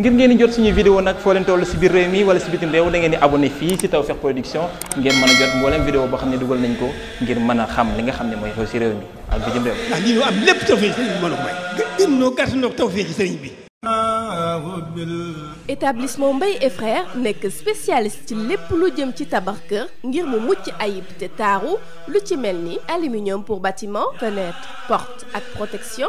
ngir ngeen di jot suñu vidéo nag foo leen toll si biir réew mi wala si bitim réew da ngeen di abonné fii si Tawfekh Production ngeen mën a jot mboolem vidéo boo xam ne dugal nañ ko ngir mën a xam li nga xam ne mooy xew si réew mi ak bitim réew. ndax lii ñu am lépp Tawfekh sëriñ bi mën a may. gën noo gàtt noo Tawfekh nekk spécialiste ci lépp lu jëm ci tabax kër ngir mu mucc ayib te taaru lu ci mel ni aluminium pour bâtiment fenêtre porte ak protection.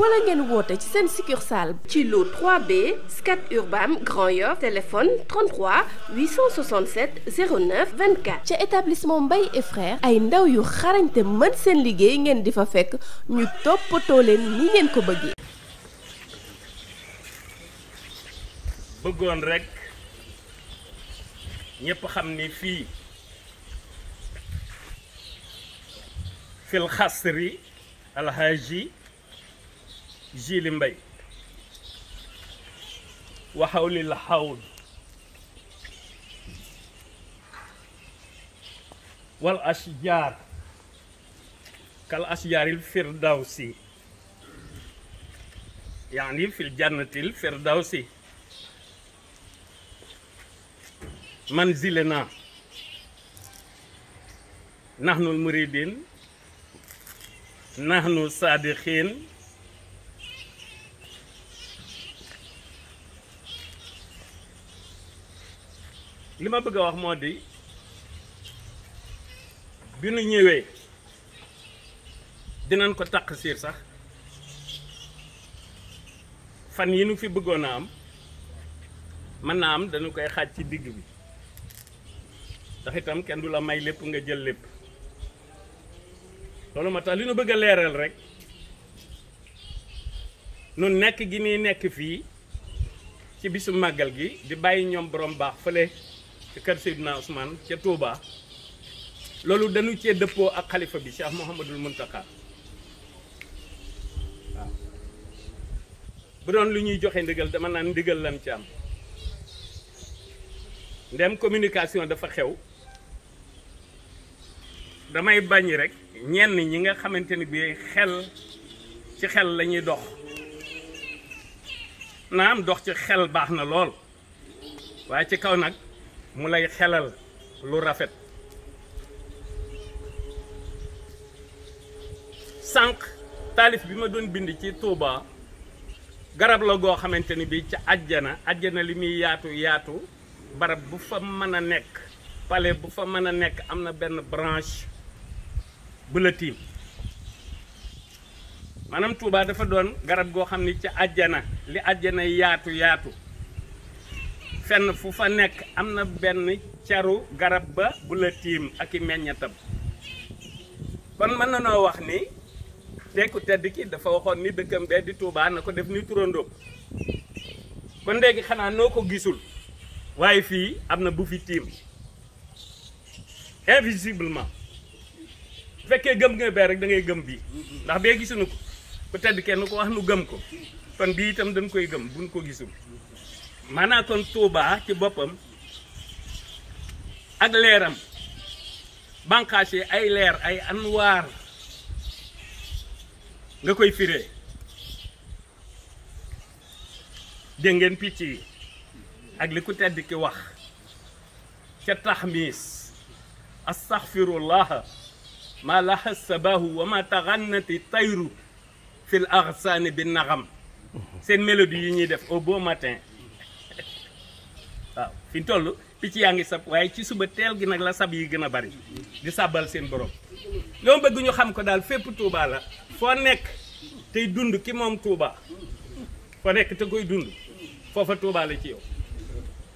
wala ngeen woote ci seen succursale ci lu 3B Scat Urbam Grand Yoff téléphone 33 867 09 24 ca établissement Mbaye et ay ndaw yu xarañte mën seen liggéey ngeen di fa fekk ñu toppatoo leen ni ngeen ko bëggee bëggoon rek ñépp xam ni fii fil xasri alhaji jili mbay waxaw li la xawul wal ashjaar kal ashjaaril firdawsi yaani fil jannatil firdawsi manzilana nahnul nahnu saadiqin li ma bëgg a wax moo di bi nu ñëwee dinañ ko taq siir sax fan yi nu fi bëggoon a am mën naa am dañu koy xaaj ci digg bi ndax itam kenn du la may lépp nga jël lépp loolu moo tax li nu bëgg a leeral rek nu nekk gi nuy nekk fii ci bisu màggal gi di bàyyi ñoom borom baax fale kër Seydina Ousmane ca Touba loolu danu cee dëppoo ak xalifa bi Cheikh Mouhamadul Mountakha waaw bu doon lu ñuy joxe ndigal dama naan ndigal lam ci am ndem communication dafa xew damay bàññi rek ñenn ñi nga xamante ni bi xel ci xel lañuy dox naam dox ci xel baax na lool waaye ci kaw nag mu lay xelal lu rafet sànq taalif bi ma doon bind ci Touba garab la goo xamante ni bi ca àjjana àjjana li muy yaatu yaatu barab bu fa mën a nekk palais bu fa mën a nekk am na benn branche bu la tiim maanaam Touba dafa doon garab goo xam ni ci àjjana li àjjana yaatu yaatu fenn fu fa nekk am na benn caru garab ba bu la tiim ak i meññatam kon mën na noo wax ni teeku tedd ki dafa waxoon ni dëkkam bee di Touba na ko def ni turandoom kon léegi xanaa noo ko gisul waaye fii am na bu fi tiim invisiblement bu fekkee gëm nga bee rek da ngay gëm bii ndax bee gisuñu ko ku tedd kenn ko wax nu gëm ko kon bii itam dañ koy gëm buñ ko gisul maanaam kon Touba ci boppam ak leeram banqaas yi ay leer ay anwaar nga koy firee dégg picc yi ak li ku tedd ki wax ca taxmiis astaxfirullah ma laxa sabahu wa ma taxannati tayru fil axsaani bi naxam seen mélodie yi ñuy def au matin waaw fi ñu toll picc yaa ngi sab waaye ci suba teel gi nag la sab yi gën a bari di sàbbal seen borom loo bëgg ñu xam ko daal fépp Touba la foo nekk tey dund ki moom Touba foo nekk te koy dund foofa Touba la ci yow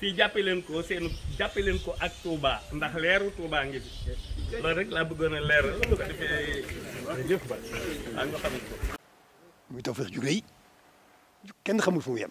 fii jàppe leen ko seen jàppe leen ko ak Touba ndax leeru Touba ngi fi loolu rek laa bëggoon a leeral bu muy tawfeex ju rëy kenn xamul fu mu